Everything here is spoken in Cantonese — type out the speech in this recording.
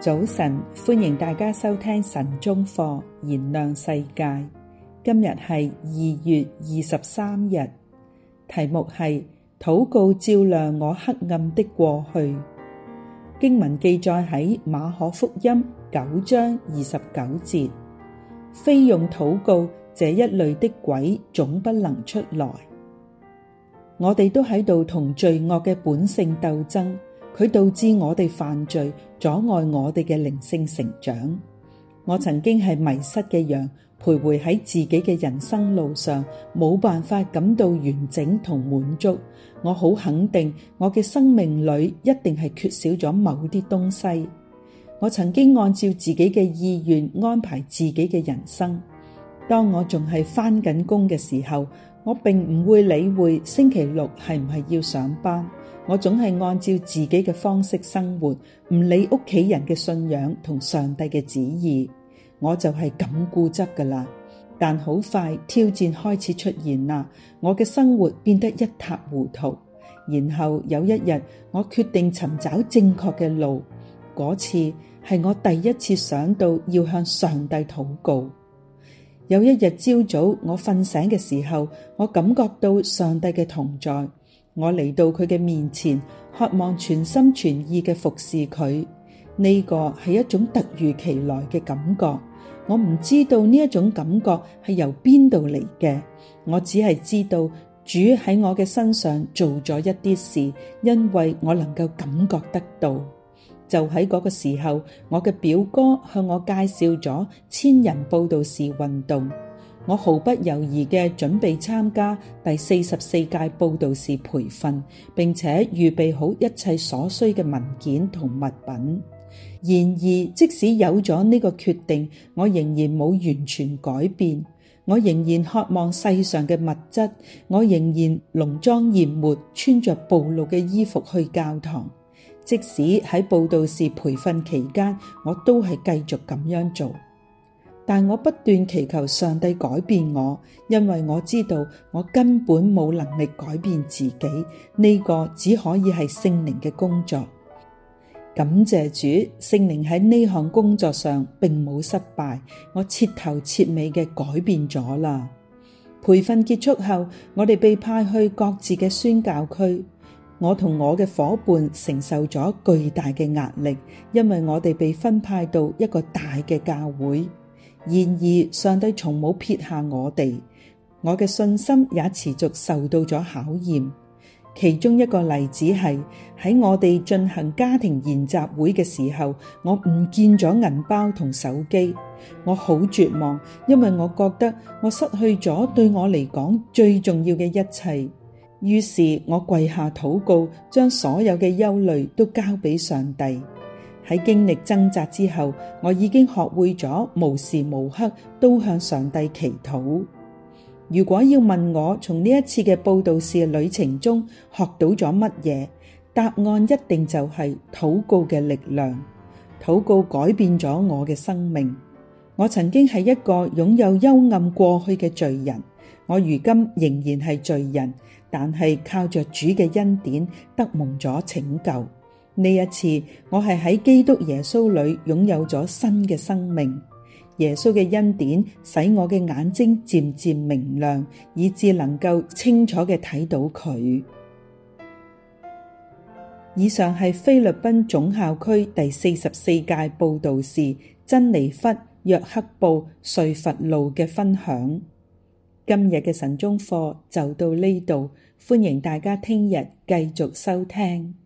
早晨，歡迎大家收聽晨鐘課，燃亮世界。今日係二月二十三日，題目係禱告照亮我黑暗的過去。經文記載喺馬可福音九章二十九節，非用禱告這一類的鬼總不能出來。我哋都喺度同罪惡嘅本性鬥爭。佢導致我哋犯罪，阻礙我哋嘅靈性成長。我曾經係迷失嘅羊，徘徊喺自己嘅人生路上，冇辦法感到完整同滿足。我好肯定，我嘅生命裏一定係缺少咗某啲東西。我曾經按照自己嘅意願安排自己嘅人生。當我仲係返緊工嘅時候，我並唔會理會星期六係唔係要上班。我總係按照自己嘅方式生活，唔理屋企人嘅信仰同上帝嘅旨意，我就係咁固執噶啦。但好快挑戰開始出現啦，我嘅生活變得一塌糊塗。然後有一日，我決定尋找正確嘅路。嗰次係我第一次想到要向上帝禱告。有一日朝早，我瞓醒嘅時候，我感覺到上帝嘅同在。我嚟到佢嘅面前，渴望全心全意嘅服侍佢。呢、這個係一種突如其來嘅感覺，我唔知道呢一種感覺係由邊度嚟嘅。我只係知道主喺我嘅身上做咗一啲事，因為我能夠感覺得到。就喺嗰個時候，我嘅表哥向我介紹咗千人佈道士運動。我毫不猶豫嘅準備參加第四十四屆佈道士培訓，並且預備好一切所需嘅文件同物品。然而，即使有咗呢個決定，我仍然冇完全改變。我仍然渴望世上嘅物質，我仍然濃妝艷抹，穿着暴露嘅衣服去教堂。即使喺佈道士培訓期間，我都係繼續咁樣做。但我不斷祈求上帝改變我，因為我知道我根本冇能力改變自己。呢個只可以係聖靈嘅工作。感謝主，聖靈喺呢項工作上並冇失敗。我徹頭徹尾嘅改變咗啦。培訓結束後，我哋被派去各自嘅宣教區。我同我嘅夥伴承受咗巨大嘅壓力，因為我哋被分派到一個大嘅教會。然而，上帝從冇撇下我哋，我嘅信心也持續受到咗考驗。其中一個例子係喺我哋進行家庭研習會嘅時候，我唔見咗銀包同手機，我好絕望，因為我覺得我失去咗對我嚟講最重要嘅一切。於是我跪下禱告，將所有嘅憂慮都交俾上帝喺經歷掙扎之後，我已經學會咗無時無刻都向上帝祈禱。如果要問我從呢一次嘅佈道士旅程中學到咗乜嘢，答案一定就係禱告嘅力量。禱告改變咗我嘅生命。我曾經係一個擁有幽暗過去嘅罪人，我如今仍然係罪人，但係靠着主嘅恩典得蒙咗拯救。呢一次，我係喺基督耶穌裏擁有咗新嘅生命。耶穌嘅恩典使我嘅眼睛漸漸明亮，以致能夠清楚嘅睇到佢。以上係菲律賓總校區第四十四屆佈道士，珍妮弗約克布瑞佛路嘅分享。今日嘅晨鐘課就到呢度，歡迎大家聽日繼續收聽。